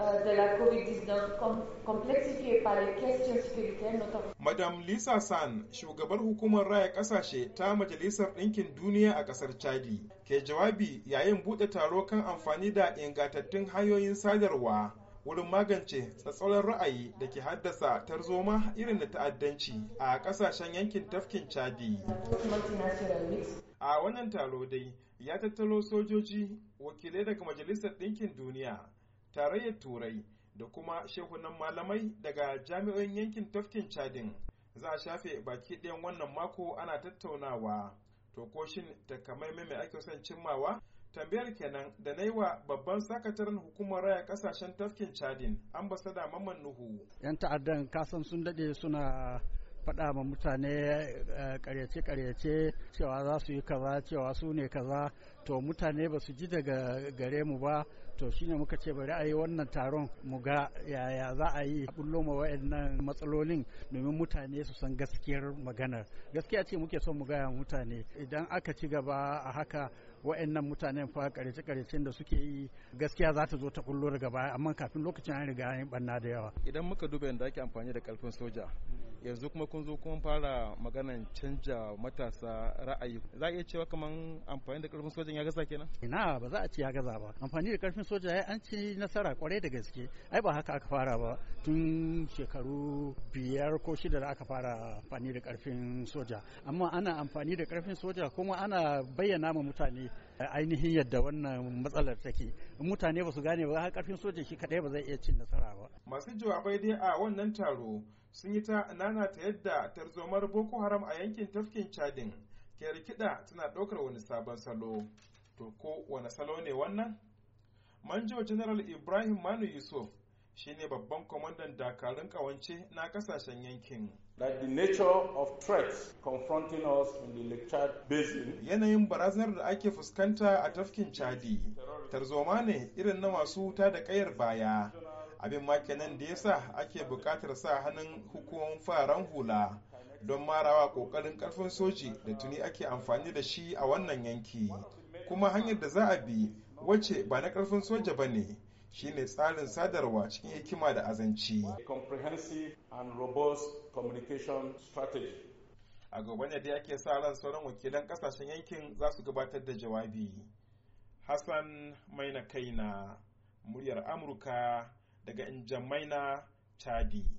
Euh, de la COVID-19 complexifiée par les questions sécuritaires notamment. Madame Lisa San, shugabar hukumar raya kasashe ta Majalisar Ɗinkin Duniya a ƙasar Chadi, ke jawabi yayin buɗe taro kan amfani da ingantattun hanyoyin sadarwa wurin magance tsatsauran ra'ayi da ke haddasa tarzoma irin da ta'addanci a ƙasashen yankin tafkin Chadi. A wannan taro dai ya tattalo sojoji wakilai daga Majalisar Ɗinkin Duniya tarayyar turai da kuma shehunan malamai daga jami'o'in yankin tafkin chadin za a shafe baki ɗayan wannan mako ana tattaunawa to ko shin takamaimai mai ake son cimmawa tambayar kenan da na yi wa babban sakataren hukumar raya kasashen tafkin chadin ambasada mamman nuhu yan ta'addan kasan sun daɗe suna faɗa ma mutane karyace-karyace eh, cewa za su yi kaza cewa su ne kaza to mutane ba su ji daga gare mu ba to shine muka ce bari a yi wannan taron mu ga yaya za a yi bullo ma wa'annan matsalolin domin mutane su san gaskiyar maganar gaskiya ce muke son mu gaya mutane idan aka ci gaba a haka wa'annan mutanen fa karyace-karyacen da suke yi gaskiya za ta zo ta bullo daga baya amma kafin lokacin an riga an yi banna da yawa idan muka duba yadda ake amfani da karfin soja yanzu kuma kun zo kun fara maganan canja matasa ra'ayi za a iya cewa kaman amfani da karfin sojan ya gaza kenan ina ba za a ce ya gaza ba amfani da karfin soja ya an ci nasara kwarai da gaske ai ba haka aka fara ba tun shekaru biyar ko shida da aka fara amfani da karfin soja amma ana amfani da karfin soja kuma ana bayyana ma mutane ainihin yadda wannan matsalar take mutane ba su gane ba har karfin soja shi kadai ba zai iya cin nasara ba masu jawabai dai a wannan taro sun yi ta nana ta yadda tarzomar boko haram a yankin tafkin chadin ke rikida tana daukar wani sabon salo to ko wani salo ne wannan manjo general ibrahim manu yusuf shine babban kwamandan dakarun kawance na kasashen yankin. That the nature of threats confronting us in the Chad basin. Yanayin barazanar da ake fuskanta a tafkin Chadi, tarzoma ne irin na masu wuta da kayar baya. Abin makinan da ya sa ake bukatar sa hannun hukumar faran hula don marawa kokarin karfin soji da tuni ake amfani da shi a wannan yanki. Kuma hanyar da za a bi wacce ba na karfin soja ba ne. shine tsarin sadarwa cikin hikima da azanci. A gaban yadda ake sa ran sauran wakilan kasashen yankin za su gabatar da jawabi. Hassan Maina na muryar Amurka daga Injamaina, Chadi.